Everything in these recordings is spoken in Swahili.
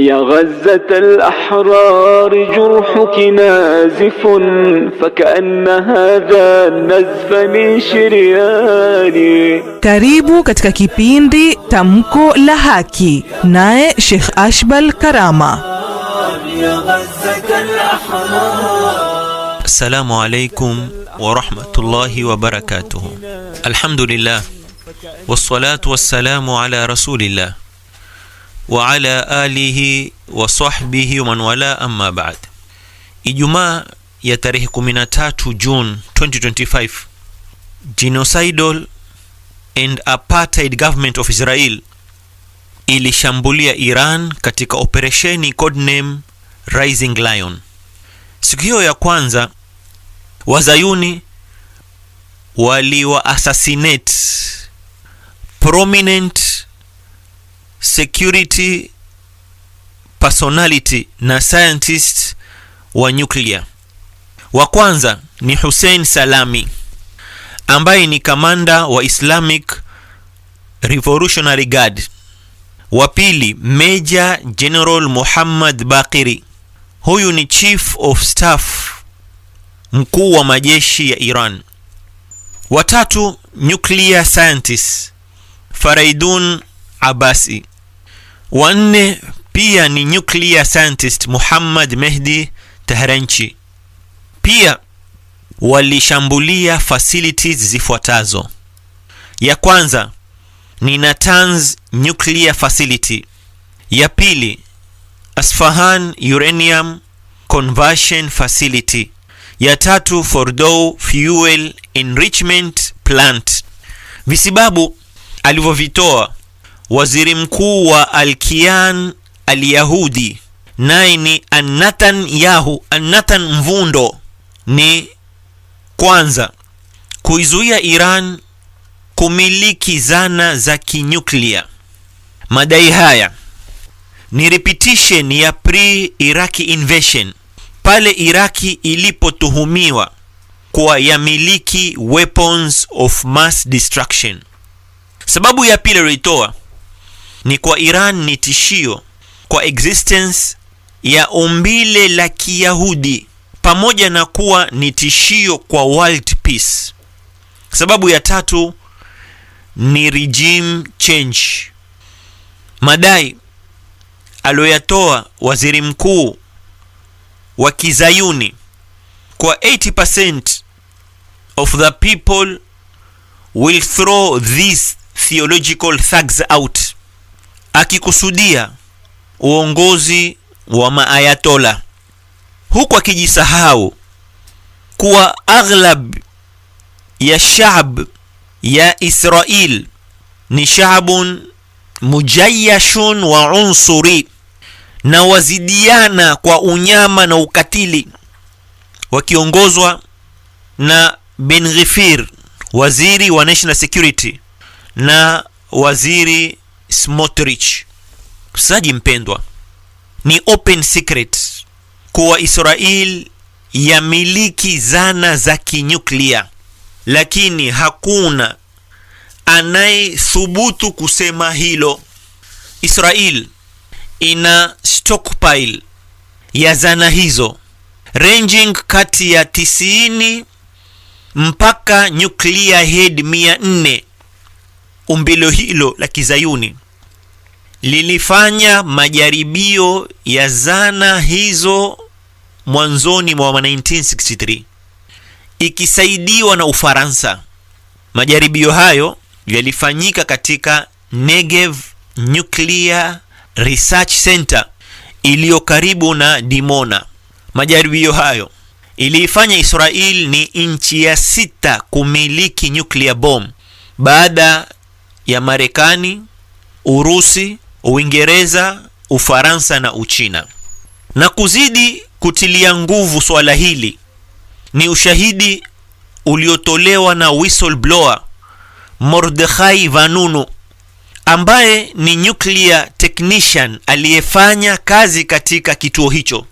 يا غزة الأحرار جرحك نازف فكأن هذا نزف من شرياني كاريبو كتك كيبيندي تمكو لهاكي ناي شيخ أشبل كرامة يا غزة الأحرار السلام عليكم ورحمة الله وبركاته الحمد لله والصلاة والسلام على رسول الله وعلى ala وصحبه ومن والاه wa بعد wala يا تاريخ Ijumaa ya tarehe 13 June 2025, genocidal and apartheid government of Israel ilishambulia Iran katika operesheni codename Rising Lion. Siku hiyo ya kwanza wazayuni waliwa assassinate prominent security personality na scientist wa nyuklia. Wa kwanza ni Hussein Salami ambaye ni kamanda wa Islamic Revolutionary Guard. Wa pili, Major General Muhammad Bakiri, huyu ni Chief of Staff mkuu wa majeshi ya Iran. Watatu, nuclear scientist Faraidun Abasi. Wanne pia ni nuclear scientist Muhammad Mehdi Tehranchi. Pia walishambulia facilities zifuatazo. Ya kwanza ni Natanz nuclear facility. Ya pili Asfahan uranium conversion facility. Ya tatu Fordow fuel enrichment plant. Visibabu alivyovitoa waziri mkuu wa Alkian Alyahudi naye ni Anatan Yahu. Anatan Mvundo ni kwanza kuizuia Iran kumiliki zana za kinyuklia. Madai haya ni repetition ya pre-Iraqi invasion pale Iraki ilipotuhumiwa kuwa yamiliki weapons of mass destruction. Sababu ya pili aliyoitoa ni kwa Iran ni tishio kwa existence ya umbile la Kiyahudi pamoja na kuwa ni tishio kwa world peace. Sababu ya tatu ni regime change. Madai aliyoyatoa waziri mkuu wa Kizayuni kwa 80% of the people will throw these theological thugs out akikusudia uongozi wa maayatola, huku akijisahau kuwa aghlab ya shaab ya Israil ni shaabun mujayashun wa unsuri, na wazidiana kwa unyama na ukatili, wakiongozwa na Ben Ghifir, waziri wa national security na waziri Smotrich, mchezaji mpendwa, ni open secret kuwa Israel yamiliki zana za kinyuklia, lakini hakuna anayethubutu kusema hilo. Israel ina stockpile ya zana hizo ranging kati ya 90 mpaka nuclear head 400 umbilo hilo la kizayuni lilifanya majaribio ya zana hizo mwanzoni mwa 1963 ikisaidiwa na Ufaransa. Majaribio hayo yalifanyika katika Negev Nuclear Research Center iliyo karibu na Dimona. Majaribio hayo iliifanya Israel ni nchi ya sita kumiliki nuclear bomb baada ya Marekani, Urusi, Uingereza, Ufaransa na Uchina. Na kuzidi kutilia nguvu swala hili ni ushahidi uliotolewa na whistleblower Mordechai Vanunu ambaye ni nuclear technician aliyefanya kazi katika kituo hicho.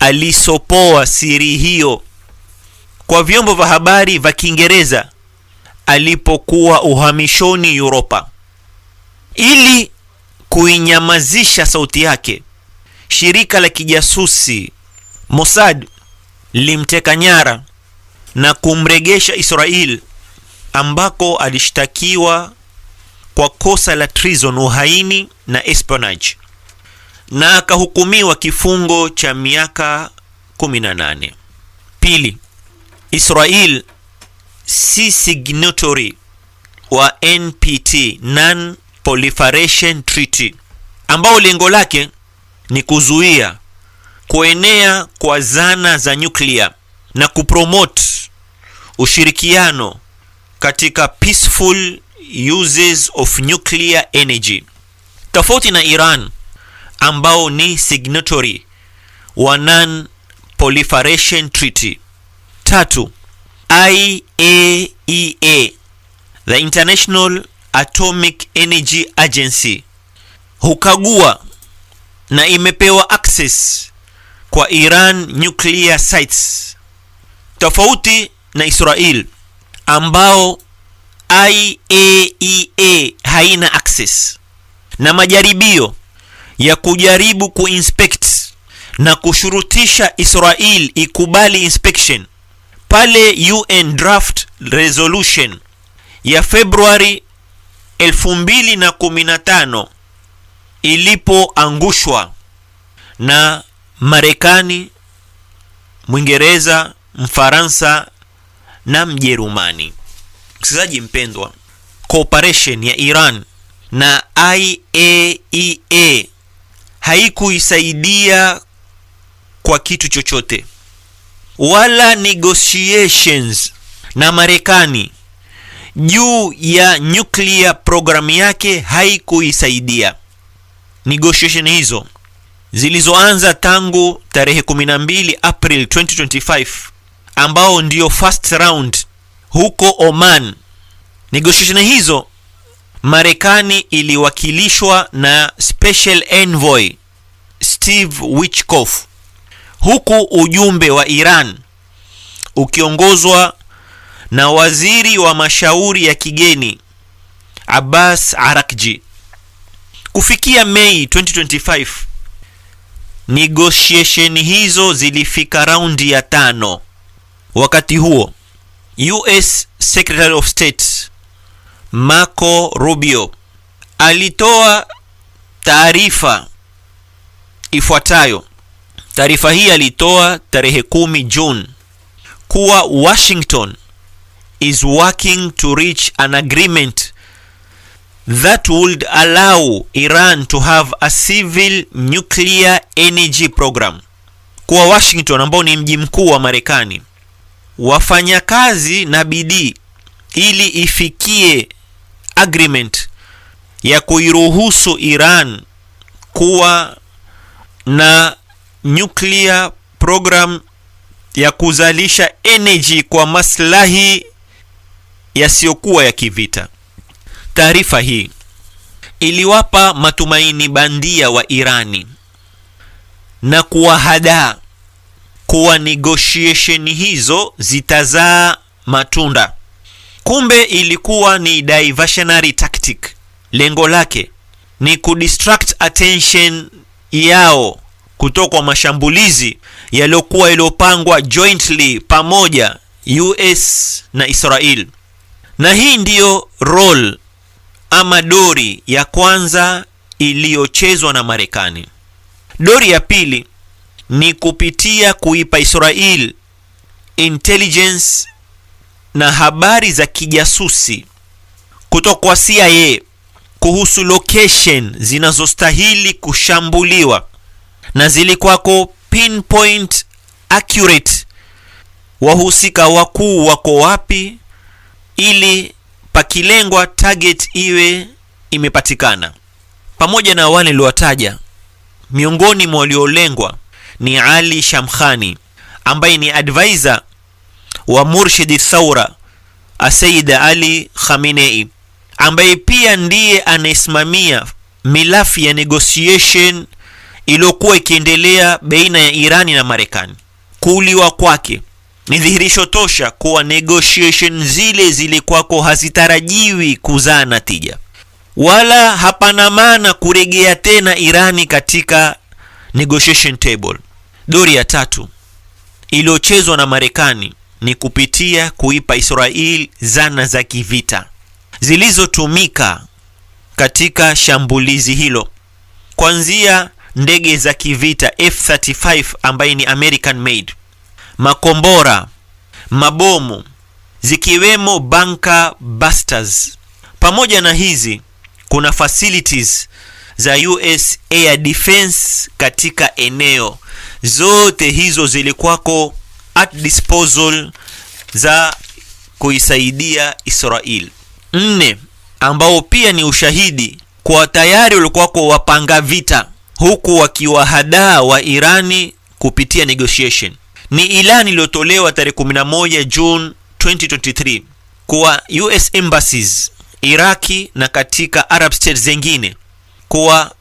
Alisopoa siri hiyo kwa vyombo vya habari vya Kiingereza alipokuwa uhamishoni Europa. Ili kuinyamazisha sauti yake, shirika la kijasusi Mossad limteka nyara na kumregesha Israel ambako alishtakiwa kwa kosa la treason, uhaini na espionage, na akahukumiwa kifungo cha miaka 18. Pili, Israel si signatory wa NPT, non proliferation treaty, ambao lengo lake ni kuzuia kuenea kwa zana za nyuklia na kupromote ushirikiano katika peaceful uses of nuclear energy, tofauti na Iran ambao ni signatory wa non proliferation treaty. Tatu, IAEA, e the International Atomic Energy Agency, hukagua na imepewa access kwa Iran nuclear sites, tofauti na Israel ambao IAEA e haina access, na majaribio ya kujaribu kuinspect na kushurutisha Israel ikubali inspection pale UN draft resolution ya Februari 2015 ilipoangushwa na Marekani, Mwingereza, Mfaransa na Mjerumani. Msikilizaji mpendwa, cooperation ya Iran na IAEA e haikuisaidia kwa kitu chochote wala negotiations na Marekani juu ya nuclear programu yake haikuisaidia. Negotiation hizo zilizoanza tangu tarehe 12 April 2025 ambao ndio first round huko Oman. Negotiation hizo Marekani iliwakilishwa na special envoy Steve Witkoff huku ujumbe wa Iran ukiongozwa na waziri wa mashauri ya kigeni Abbas Arakji. Kufikia Mei 2025 negotiation hizo zilifika raundi ya tano. Wakati huo US Secretary of State Marco Rubio alitoa taarifa ifuatayo Taarifa hii alitoa tarehe 10 June kuwa Washington is working to reach an agreement that would allow Iran to have a civil nuclear energy program. Kuwa Washington ambao ni mji mkuu wa Marekani wafanya kazi na bidii ili ifikie agreement ya kuiruhusu Iran kuwa na nuclear program ya kuzalisha energy kwa maslahi yasiyokuwa ya kivita. Taarifa hii iliwapa matumaini bandia wa Irani na kuwahadaa kuwa negotiation hizo zitazaa matunda. Kumbe ilikuwa ni diversionary tactic. Lengo lake ni kudistract attention yao kutoka kwa mashambulizi yaliyokuwa yaliyopangwa jointly pamoja US na Israel. Na hii ndiyo role ama dori ya kwanza iliyochezwa na Marekani. Dori ya pili ni kupitia kuipa Israel intelligence na habari za kijasusi kutoka kwa CIA kuhusu location zinazostahili kushambuliwa na zilikwako pinpoint accurate, wahusika wakuu wako wapi, ili pakilengwa target iwe imepatikana. Pamoja na wale niliwataja, miongoni mwa waliolengwa ni Ali Shamkhani ambaye ni advisor wa Murshidi Thaura Asayid Ali Khamenei ambaye pia ndiye anayesimamia milafi ya negotiation iliyokuwa ikiendelea baina ya Irani na Marekani. Kuuliwa kwake ni dhihirisho tosha kuwa negotiation zile zilikwako hazitarajiwi kuzaa natija, wala hapana maana kuregea tena Irani katika negotiation table. Dori ya tatu iliyochezwa na Marekani ni kupitia kuipa Israel zana za kivita zilizotumika katika shambulizi hilo kuanzia ndege za kivita F35 ambaye ni American made, makombora, mabomu zikiwemo bunker busters. Pamoja na hizi kuna facilities za US Air Defense katika eneo. Zote hizo zilikuwako at disposal za kuisaidia Israel. Nne, ambao pia ni ushahidi kwa tayari walikuwako wapanga vita huku wakiwahadaa wa Irani kupitia negotiation. Ni ilani iliyotolewa tarehe 11 June 2023 kwa US embassies Iraki na katika Arab states zengine kwa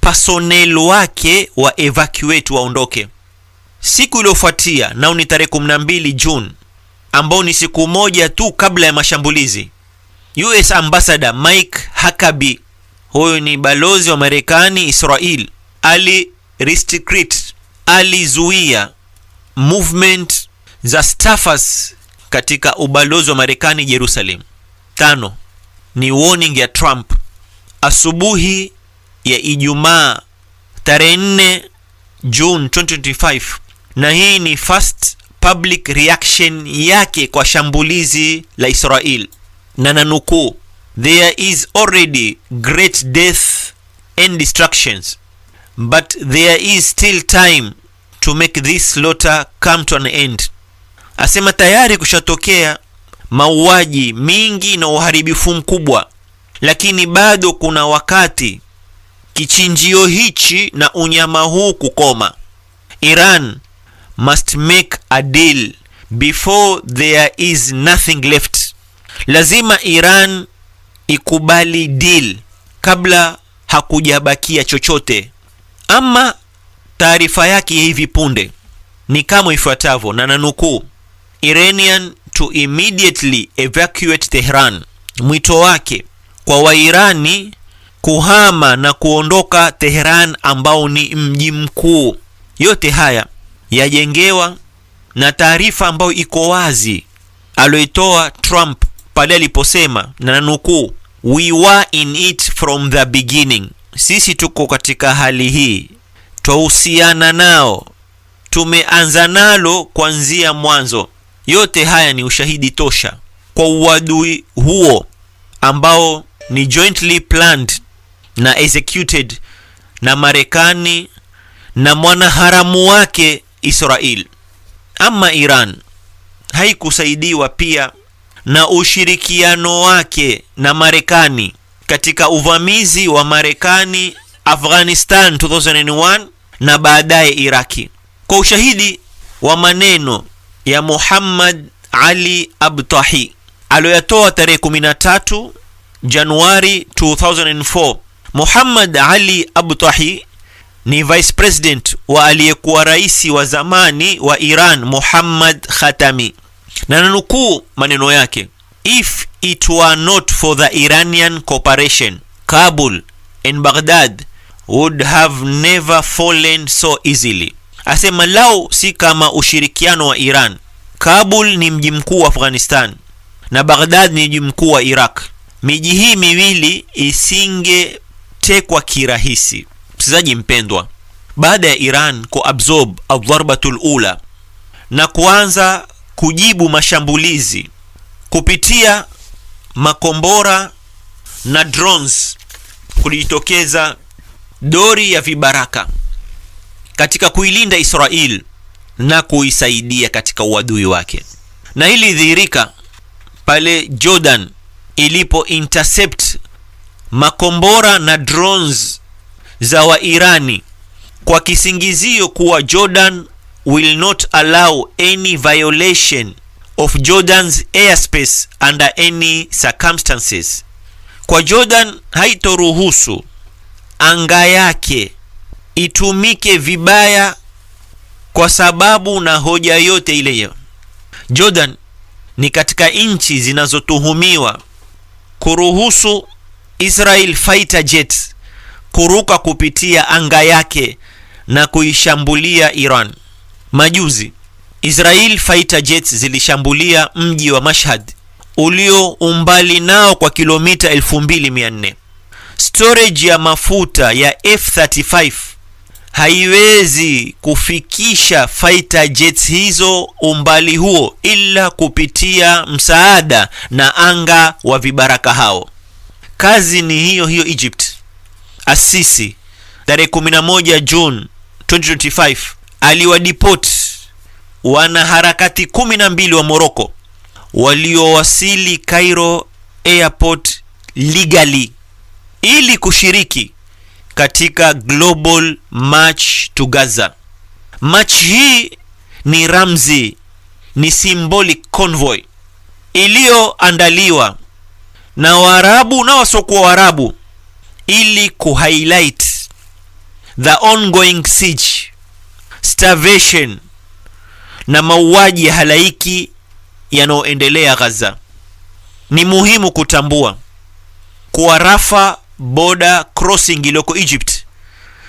personnel wake wa evacuate waondoke. Siku iliyofuatia nao ni tarehe 12 June, ambao ni siku moja tu kabla ya mashambulizi, US ambassador Mike Huckabee huyu ni balozi wa Marekani Israel, ali restrict, alizuia movement za staffers katika ubalozi wa Marekani Jerusalem. Tano ni warning ya Trump asubuhi ya Ijumaa tarehe 4 June 2025, na hii ni first public reaction yake kwa shambulizi la Israel, na nanukuu there is already great death and destructions but there is still time to make this slaughter come to an end. Asema tayari kushatokea mauaji mingi na uharibifu mkubwa, lakini bado kuna wakati kichinjio hichi na unyama huu kukoma. Iran must make a deal before there is nothing left. Lazima Iran ikubali deal kabla hakujabakia chochote. Ama taarifa yake ya hivi punde ni kama ifuatavyo, na nanukuu: Iranian to immediately evacuate Tehran, mwito wake kwa Wairani kuhama na kuondoka Tehran ambao ni mji mkuu. Yote haya yajengewa na taarifa ambayo iko wazi aliyoitoa Trump pale aliposema na nanukuu, we were in it from the beginning, sisi tuko katika hali hii, twahusiana nao, tumeanza nalo kuanzia mwanzo. Yote haya ni ushahidi tosha kwa uadui huo ambao ni jointly planned na executed na Marekani na mwanaharamu wake Israel. Ama Iran haikusaidiwa pia na ushirikiano wake na Marekani katika uvamizi wa Marekani Afghanistan 2001 na baadaye Iraki. Kwa ushahidi wa maneno ya Muhammad Ali Abtahi aliyoyatoa tarehe 13 Januari 2004. Muhammad Ali Abtahi ni vice president wa aliyekuwa rais wa zamani wa Iran Muhammad Khatami na nanukuu maneno yake, if it were not for the Iranian cooperation Kabul and Baghdad would have never fallen so easily. Asema lau si kama ushirikiano wa Iran. Kabul ni mji mkuu wa Afghanistan na Baghdad ni mji mkuu wa Iraq. Miji hii miwili isingetekwa kirahisi. mchezaji mpendwa, baada ya Iran kuabsorb adharbatu lula na kuanza kujibu mashambulizi kupitia makombora na drones, kulijitokeza dori ya vibaraka katika kuilinda Israel na kuisaidia katika uadui wake, na hili ilidhihirika pale Jordan ilipo intercept makombora na drones za Wairani kwa kisingizio kuwa Jordan will not allow any violation of Jordan's airspace under any circumstances. Kwa Jordan haitoruhusu anga yake itumike vibaya kwa sababu na hoja yote ile. Jordan ni katika nchi zinazotuhumiwa kuruhusu Israel fighter jet kuruka kupitia anga yake na kuishambulia Iran. Majuzi Israel fighter jets zilishambulia mji wa Mashhad ulio umbali nao kwa kilomita 2400. Storage ya mafuta ya F35 haiwezi kufikisha fighter jets hizo umbali huo ila kupitia msaada na anga wa vibaraka hao. Kazi ni hiyo hiyo Egypt. Asisi tarehe 11 June 2025 aliwadipot wanaharakati kumi na mbili wa Moroko waliowasili Cairo airport legally ili kushiriki katika Global March to Gaza. March hii ni ramzi, ni symbolic convoy iliyoandaliwa na Waarabu na wasiokuwa Waarabu ili kuhighlight the ongoing siege starvation na mauaji ya halaiki yanayoendelea Gaza. Ni muhimu kutambua kuwa Rafa border crossing iliyoko Egypt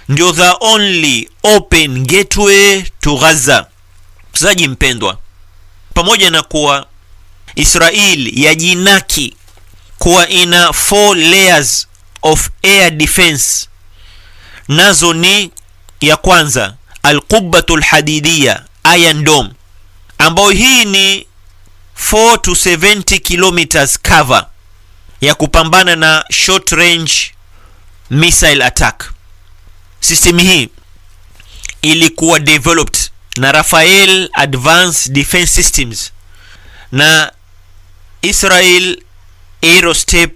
ndio the only open gateway to Gaza. Msikilizaji mpendwa, pamoja na kuwa Israel yajinaki kuwa ina four layers of air defense, nazo ni ya kwanza Alqubbatul lhadidiya Iron Dome, ambayo hii ni 4 to 70 kilometers cover ya kupambana na short range missile attack. System hii ilikuwa developed na Rafael Advanced Defense Systems na Israel aerostep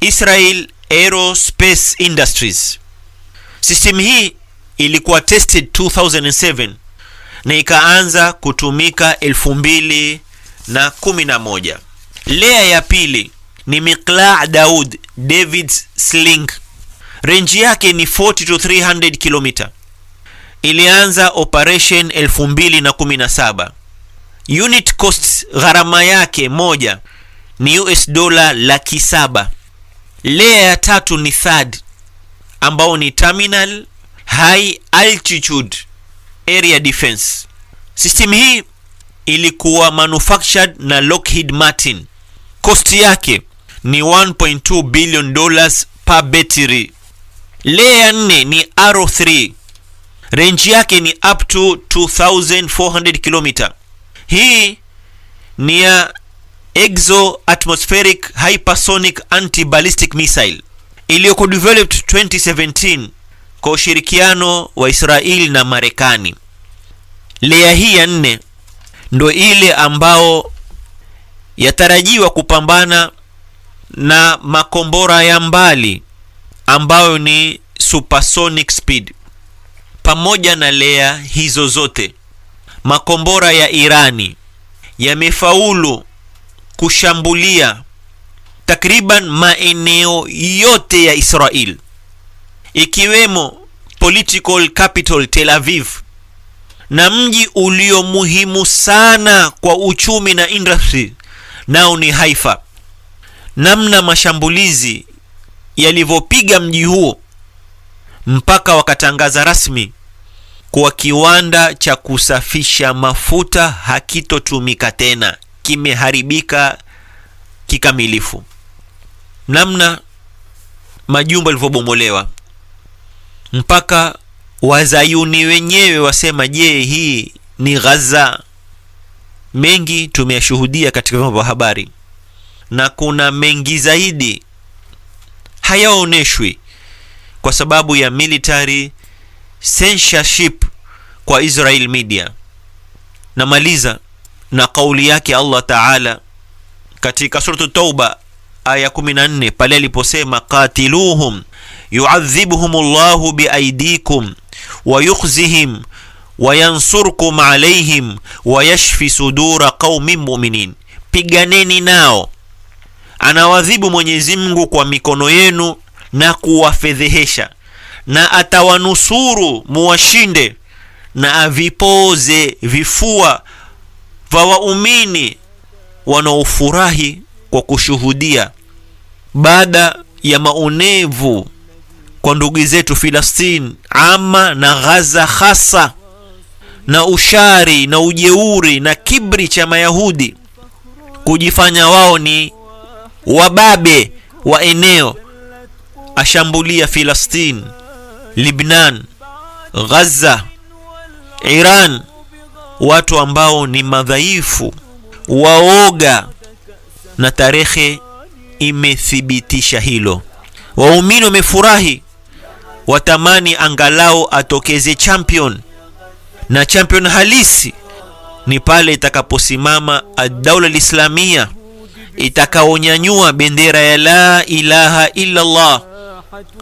Israel Aerospace Industries. System hii ilikuwa tested 2007 na ikaanza kutumika 2011. Layer ya pili ni Miqla Daud David Sling, range yake ni 40 to 300 km, ilianza operation 2017. Unit cost gharama yake moja ni US dola laki saba. Layer ya tatu ni third ambao ni terminal high altitude area defense. System hii ilikuwa manufactured na Lockheed Martin. Kosti yake ni 1.2 billion dollars per battery. Layer ya nne ni Arrow 3. Range yake ni up to 2400 km. Hii ni ya exo-atmospheric hypersonic anti-ballistic missile iliyoko developed 2017 kwa ushirikiano wa Israeli na Marekani. Lea hii ya nne ndo ile ambao yatarajiwa kupambana na makombora ya mbali ambayo ni supersonic speed. Pamoja na lea hizo zote, makombora ya Irani yamefaulu kushambulia takriban maeneo yote ya Israeli ikiwemo political capital Tel Aviv na mji ulio muhimu sana kwa uchumi na industry nao ni Haifa. Namna mashambulizi yalivyopiga mji huo mpaka wakatangaza rasmi kuwa kiwanda cha kusafisha mafuta hakitotumika tena, kimeharibika kikamilifu. Namna majumba yalivyobomolewa mpaka wazayuni wenyewe wasema, je, hii ni Ghaza? Mengi tumeyashuhudia katika vyombo vya habari na kuna mengi zaidi hayaoneshwi kwa sababu ya military censorship kwa Israel media. Namaliza na kauli yake Allah Taala katika suratu Tauba aya 14 pale aliposema, qatiluhum yuadhibhum llahu biaidikum wayukhzihim wayansurkum alaihim wayashfi sudura qaumin muminin, piganeni nao. Anawadhibu Mwenyezi Mungu kwa mikono yenu na kuwafedhehesha, na atawanusuru muwashinde, na avipoze vifua vya waumini wanaofurahi kwa kushuhudia baada ya maonevu kwa ndugu zetu Filastini ama na Ghaza hasa na ushari na ujeuri na kibri cha Mayahudi kujifanya wao ni wababe wa eneo. Ashambulia Filastini, Libnan, Ghaza, Iran, watu ambao ni madhaifu, waoga, na tarehe imethibitisha hilo. Waumini wamefurahi watamani angalau atokeze champion, na champion halisi ni pale itakaposimama ad-daula al-islamia itakaonyanyua bendera ya la ilaha illa Allah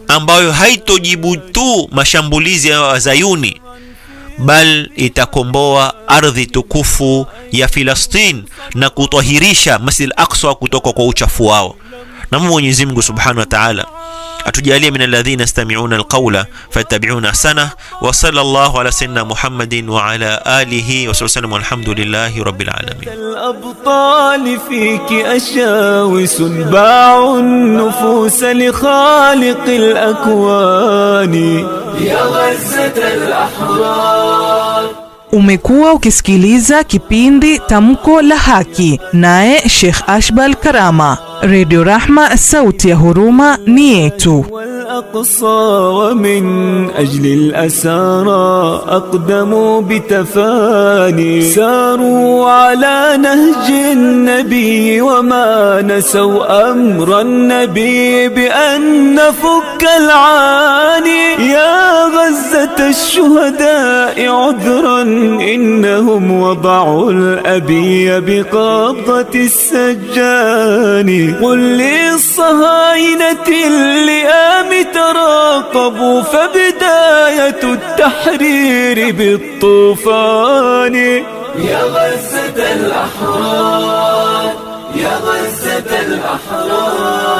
ambayo haitojibu tu mashambulizi ya wazayuni bal itakomboa ardhi tukufu ya Filastin na kutahirisha Masjid al-Aqsa kutoka kwa uchafu wao. Na Mwenyezi Mungu Subhanahu wa Ta'ala atujalie min alladhina yastami'una alqawla fayattabi'una ahsana wa sallallahu ala sayyidina Muhammadin wa ala alihi wa sallam walhamdulillahi rabbil alamin الابطال فيك اشاوس باع النفوس لخالق الاكوان يا غزه الاحرار Umekuwa ukisikiliza kipindi Tamko la Haki, naye Sheikh Ashbal Karama, Radio Rahma, sauti ya huruma ni yetu. الأقصى ومن أجل الأسارى أقدموا بتفاني ساروا على نهج النبي وما نسوا أمر النبي بأن نفك العاني يا غزة الشهداء عذرا إنهم وضعوا الأبي بقبضة السجان قل للصهاينة اللئام تراقبوا فبداية التحرير بالطوفان يا غزة الأحرار يا غزة الأحرار